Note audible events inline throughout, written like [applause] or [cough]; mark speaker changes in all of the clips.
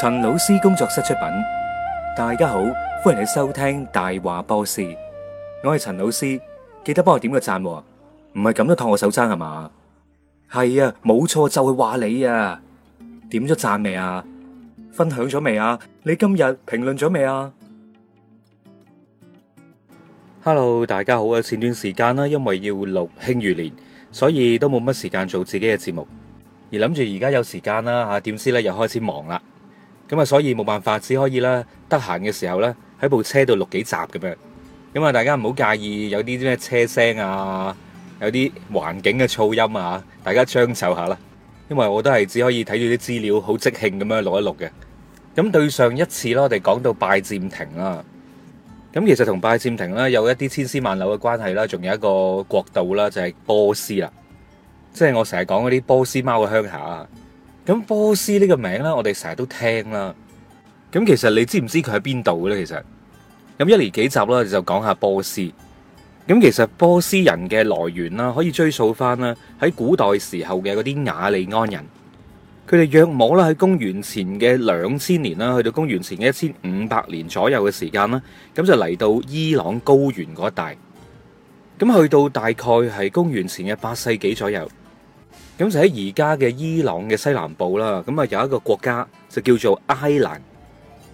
Speaker 1: 陳老師工作室出品，大家好，歡迎你收聽大話波斯。我係陳老師，記得幫我點個讚，唔係咁都托我手踭係嘛？係啊，冇錯就會話你啊，點咗讚未啊？分享咗未啊？你今日評論咗未啊？Hello，大家好啊！前段時間啦，因為要錄《慶餘年》，所以都冇乜時間做自己嘅節目，而諗住而家有時間啦吓，點知咧又開始忙啦。咁啊，所以冇辦法，只可以啦，得閒嘅時候咧，喺部車度錄幾集咁樣。咁啊，大家唔好介意有啲啲咩車聲啊，有啲環境嘅噪音啊，大家將就下啦。因為我都係只可以睇住啲資料，好即興咁樣錄一錄嘅。咁對上一次啦，我哋講到拜占庭啦。咁其實同拜占庭啦，有一啲千絲萬縷嘅關係啦，仲有一個國度啦，就係波斯啊，即係我成日講嗰啲波斯貓嘅鄉下。咁波斯呢個名呢，我哋成日都聽啦。咁其實你知唔知佢喺邊度嘅呢？其實咁一連幾集啦，就講下波斯。咁其實波斯人嘅來源啦，可以追溯翻啦，喺古代時候嘅嗰啲雅利安人，佢哋約摸啦喺公元前嘅兩千年啦，去到公元前嘅一千五百年左右嘅時間啦，咁就嚟到伊朗高原嗰一帶。咁去到大概係公元前嘅八世紀左右。咁就喺而家嘅伊朗嘅西南部啦，咁啊有一個國家就叫做埃蘭，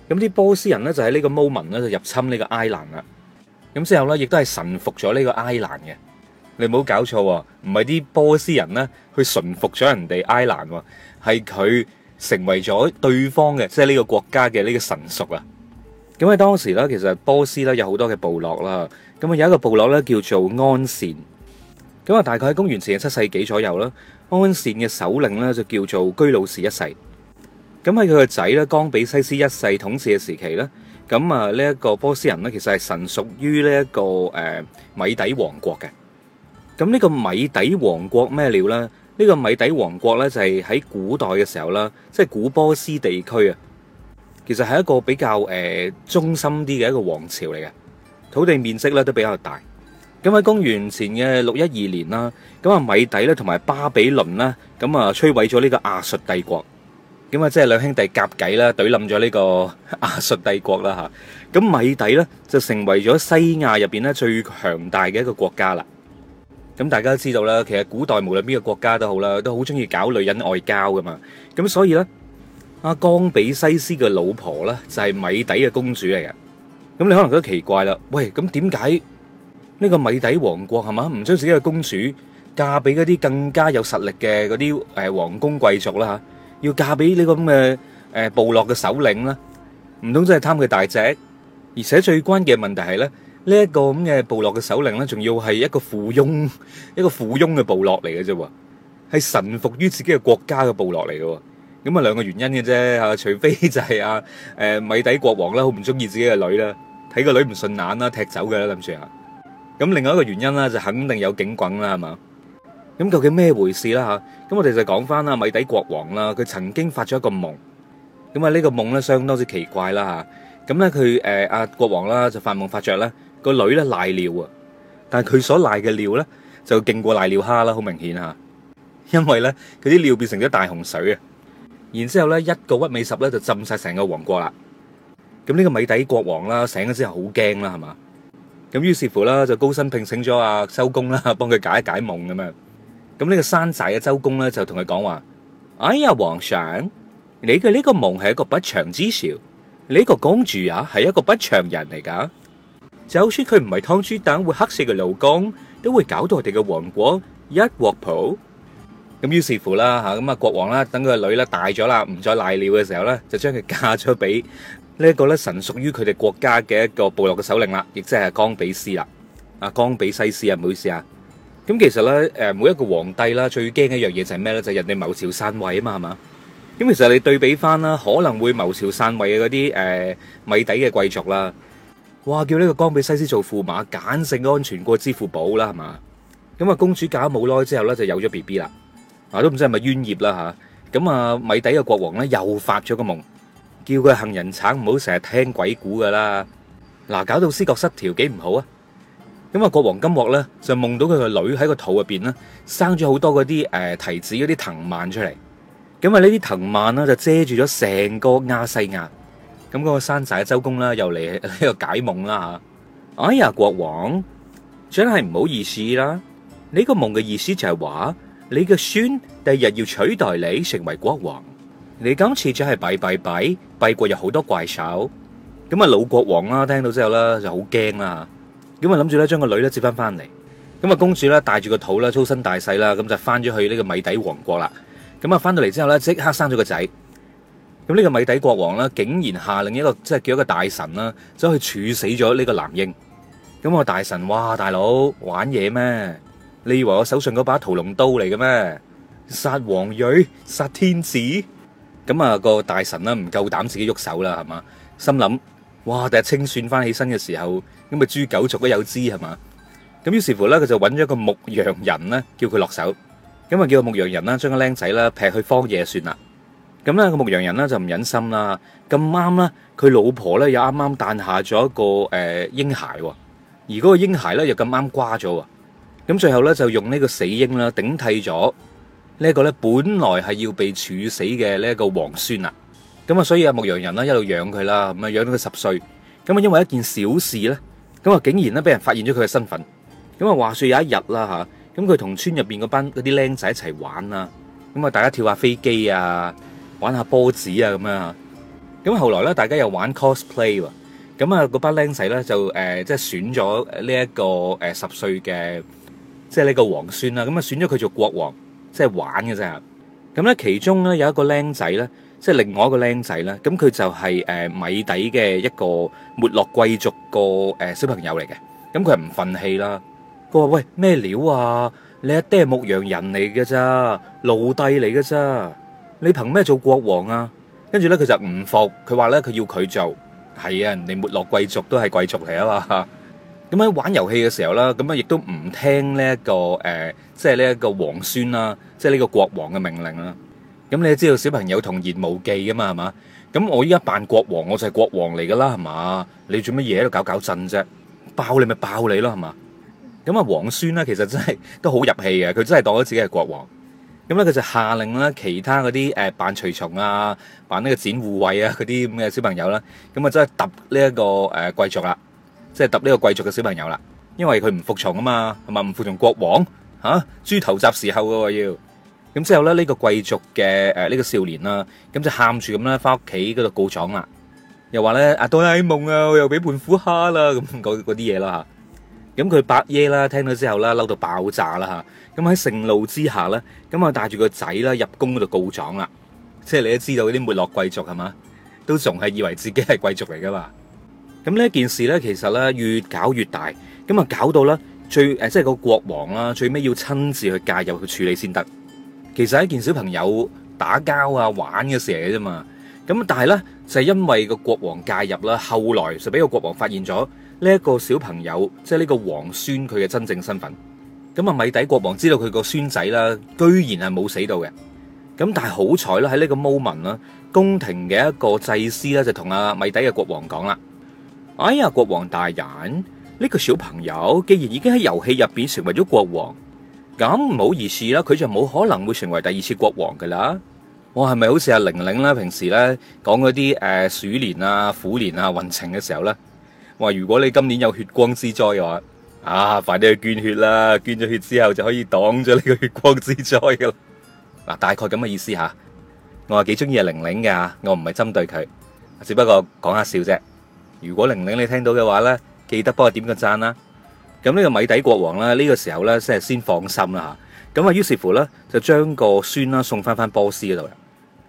Speaker 1: 咁啲波斯人咧就喺呢個 moment 咧就入侵呢個埃蘭啦，咁之後咧亦都係臣服咗呢個埃蘭嘅。你唔好搞錯，唔係啲波斯人咧去臣服咗人哋埃蘭，係佢成為咗對方嘅，即係呢個國家嘅呢個臣屬啊。咁喺當時咧，其實波斯咧有好多嘅部落啦，咁啊有一個部落咧叫做安善。咁啊大概喺公元前七世紀左右啦，安善嘅首領咧就叫做居魯士一世。咁喺佢個仔咧，岡比西斯一世統治嘅時期咧，咁啊呢一個波斯人咧，其實係臣屬於呢一個誒、呃、米底王國嘅。咁呢個米底王國咩料咧？呢、這個米底王國咧就係喺古代嘅時候啦，即、就、係、是、古波斯地區啊，其實係一個比較誒、呃、中心啲嘅一個王朝嚟嘅，土地面積咧都比較大。咁喺公元前嘅六一二年啦，咁啊米底咧同埋巴比倫咧，咁啊摧毀咗呢個亞述帝國，咁啊即係兩兄弟夾計啦，懟冧咗呢個亞述帝國啦吓，咁米底咧就成為咗西亞入邊咧最強大嘅一個國家啦。咁大家都知道啦，其實古代無論邊個國家都好啦，都好中意搞女人外交噶嘛，咁所以咧阿岡比西斯嘅老婆咧就係米底嘅公主嚟嘅，咁你可能覺得奇怪啦，喂咁點解？呢個米底王國係嘛？唔將自己嘅公主嫁俾嗰啲更加有實力嘅嗰啲誒王公貴族啦嚇，要嫁俾呢個咁嘅誒部落嘅首領啦，唔通真係貪佢大隻？而且最關鍵嘅問題係咧，呢一個咁嘅部落嘅首領咧，仲要係一個附庸一個附庸嘅部落嚟嘅啫喎，係臣服於自己嘅國家嘅部落嚟嘅喎，咁啊兩個原因嘅啫嚇，除非就係啊誒米底國王啦，好唔中意自己嘅女啦，睇個女唔順眼啦，踢走嘅啦諗住嚇。咁另外一個原因啦，就肯定有警棍啦，係嘛？咁究竟咩回事啦？吓，咁我哋就講翻啦，米底國王啦，佢曾經發咗一個夢，咁啊呢個夢咧，相當之奇怪啦吓。咁咧佢誒阿國王啦，就發夢發著啦，個女咧瀨尿啊，但係佢所瀨嘅尿咧就勁過瀨尿蝦啦，好明顯吓，因為咧佢啲尿變成咗大洪水啊，然之後咧一個屈尾十咧就浸晒成個王國啦。咁呢個米底國王啦醒咗之後好驚啦，係嘛？咁於是乎啦，就高薪聘請咗阿周公啦，幫佢解一解夢咁樣。咁呢個山寨嘅周公咧，就同佢講話：哎呀，皇上，你嘅呢個夢係一個不祥之兆，你個公主呀係一個不祥人嚟噶。就算佢唔係劏豬蛋，會黑死佢老公，都會搞到我哋嘅王國一鑊泡。咁於是乎啦，嚇咁啊，國王啦，等佢個女咧大咗啦，唔再賴尿嘅時候咧，就將佢嫁咗俾呢一個咧臣屬於佢哋國家嘅一個部落嘅首領啦，亦即係岡比斯啦，啊，岡比西斯啊，唔好意思啊。咁其實咧，誒，每一個皇帝啦，最驚嘅一樣嘢，就係咩咧？就係、是、人哋謀朝篡位啊嘛，係嘛？咁其實你對比翻啦，可能會謀朝篡位嘅嗰啲誒，米底嘅貴族啦，哇，叫呢個岡比西斯做駙馬，簡直安全過支付寶啦，係嘛？咁啊，公主嫁咗冇耐之後咧，就有咗 B B 啦，啊，都唔知係咪冤孽啦吓？咁啊，米底嘅國王咧又發咗個夢。叫佢杏仁橙唔好成日聽鬼故噶啦，嗱搞到思覺失調幾唔好啊！咁啊，國王金兀咧就夢到佢個女喺個肚入邊啦，生咗好多嗰啲誒，提子嗰啲藤蔓出嚟。咁啊，呢啲藤蔓啦就遮住咗成個亞細亞。咁嗰個山寨周公啦又嚟呢個解夢啦吓。哎呀，國王真係唔好意思啦，呢個夢嘅意思就係話你嘅孫第日要取代你成為國王。你今次就係弊弊弊。帝國有好多怪獸，咁啊老國王啦，聽到之後啦就好驚啦，咁啊諗住咧將個女咧接翻翻嚟，咁啊公主咧帶住個肚啦，粗身大細啦，咁就翻咗去呢個米底王國啦，咁啊翻到嚟之後咧即刻生咗個仔，咁呢個米底國王啦竟然下令一個即係叫一個大臣啦走去處死咗呢個男嬰，咁啊大臣哇，大佬玩嘢咩？你以為我手上嗰把屠龍刀嚟嘅咩？殺王蕊，殺天子。咁啊個大臣啦唔夠膽自己喐手啦，係嘛，心諗哇第日清算翻起身嘅時候，咁啊誅九族都有知係嘛，咁於是乎咧佢就揾咗一個牧羊人咧叫佢落手，咁啊叫個牧羊人啦將個僆仔啦劈去荒野算啦，咁咧個牧羊人咧就唔忍心啦，咁啱啦佢老婆咧又啱啱誕下咗一個誒嬰孩，而嗰個嬰孩咧又咁啱瓜咗，咁最後咧就用呢個死嬰啦頂替咗。呢一個咧，本來係要被處死嘅呢一個皇孫啊，咁啊，所以啊牧羊人啦一路養佢啦，咁啊養到佢十歲，咁啊因為一件小事咧，咁啊竟然咧俾人發現咗佢嘅身份。咁啊，話說有一日啦吓，咁佢同村入邊嗰班嗰啲僆仔一齊玩啊，咁啊大家跳下飛機啊，玩下波子啊，咁樣。咁後來咧，大家又玩 cosplay 喎，咁啊嗰班僆仔咧就誒即係選咗呢一個誒十歲嘅即係呢個皇孫啊。咁啊選咗佢做國王。即係玩嘅啫，咁咧其中咧有一個僆仔咧，即係另外一個僆仔咧，咁佢就係誒米底嘅一個沒落貴族個誒小朋友嚟嘅，咁佢唔憤氣啦，佢話喂咩料啊？你阿爹係牧羊人嚟嘅咋，奴隸嚟嘅咋，你憑咩做國王啊？跟住咧佢就唔服，佢話咧佢要佢做，係啊，人哋沒落貴族都係貴族嚟啊嘛。咁喺玩遊戲嘅時候啦，咁啊亦都唔聽呢、這、一個誒、呃，即係呢一個王孫啦，即係呢個國王嘅命令啦。咁你知道小朋友童言無忌噶嘛，係嘛？咁我依家扮國王，我就係國王嚟噶啦，係嘛？你做乜嘢喺度搞搞震啫？爆你咪爆你咯，係嘛？咁啊王孫咧，其實真係都好入戲嘅，佢真係當咗自己係國王。咁咧佢就下令啦，其他嗰啲誒扮隨從啊，扮呢個展護衛啊，嗰啲咁嘅小朋友啦，咁啊真係揼呢一個誒、呃、貴族啦。即係揼呢個貴族嘅小朋友啦，因為佢唔服從啊嘛，係咪唔服從國王吓，豬頭雜時候嘅要，咁之後咧呢個貴族嘅誒呢個少年啦，咁就喊住咁咧翻屋企嗰度告狀啦，又話咧阿哆啦 A 夢啊，我又俾胖虎蝦啦，咁講嗰啲嘢啦吓，咁佢伯爺啦聽到之後啦嬲到爆炸啦吓，咁喺盛怒之下咧，咁啊帶住個仔啦入宮嗰度告狀啦，即係你都知道啲沒落貴族係嘛，都仲係以為自己係貴族嚟噶嘛。咁呢件事咧，其實咧越搞越大，咁啊搞到咧最，誒即係個國王啦，最尾要親自去介入去處理先得。其實係一件小朋友打交啊玩嘅事嚟嘅啫嘛。咁但係咧就係、是、因為個國王介入啦，後來就俾個國王發現咗呢一個小朋友即係呢個皇孫佢嘅真正身份。咁啊，米底國王知道佢個孫仔啦，居然係冇死到嘅。咁但係好彩啦，喺呢個 moment 啦，宮廷嘅一個祭司咧就同阿米底嘅國王講啦。哎呀，國王大人，呢個小朋友既然已經喺遊戲入邊成為咗國王，咁唔好意思啦，佢就冇可能會成為第二次國王噶啦。我係咪好似阿玲玲啦，啊？平時咧講嗰啲誒鼠年啊、虎年啊運程嘅時候咧，話如果你今年有血光之災嘅話，啊快啲去捐血啦，捐咗血之後就可以擋咗呢個血光之災噶啦。嗱，啊，大概咁嘅意思吓，我係幾中意阿玲玲嘅，我唔係針對佢，只不過講下笑啫。如果玲玲你聽到嘅話呢，記得幫我點個讚啦。咁、這、呢個米底國王呢，呢個時候呢，先係先放心啦嚇。咁啊，於是乎呢，就將個孫啦送翻翻波斯嗰度啦。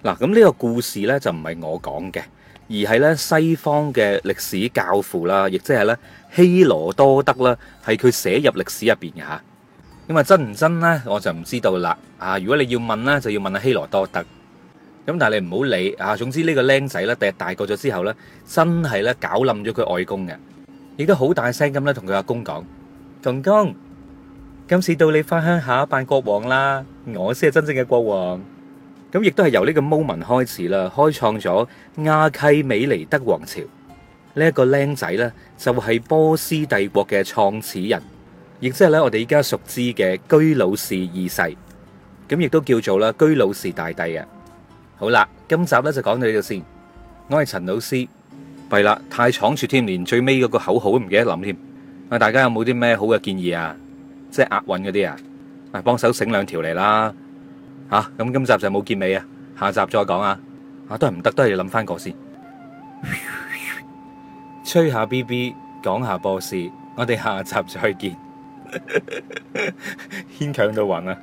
Speaker 1: 嗱，咁呢個故事呢，就唔係我講嘅，而係呢西方嘅歷史教父啦，亦即係呢希羅多德啦，係佢寫入歷史入邊嘅嚇。咁啊，真唔真呢？我就唔知道啦。啊，如果你要問呢，就要問阿希羅多德。咁但係你唔好理啊，總之呢個僆仔咧，第日大個咗之後咧，真係咧搞冧咗佢外公嘅，亦都好大聲咁咧同佢阿公講，公公，今次到你翻鄉下扮國王啦，我先係真正嘅國王。咁亦都係由呢個 moment 開始啦，開創咗亞契美尼德王朝。呢一個僆仔咧就係波斯帝國嘅創始人，亦即係咧我哋依家熟知嘅居魯士二世。咁亦都叫做咧居魯士大帝啊。好啦，今集咧就講到呢度先。我係陳老師，弊啦，太倉促添，連最尾嗰個口號都唔記得諗添。啊，大家有冇啲咩好嘅建議啊？即係押韻嗰啲啊，啊幫手醒兩條嚟啦。吓，咁今集就冇結尾啊，下集再講啊。啊，都係唔得，都係要諗翻過先。 [laughs] 吹下，BB，講下 B B，講下波斯，我哋下集再見。 [laughs] 牽強到暈啊！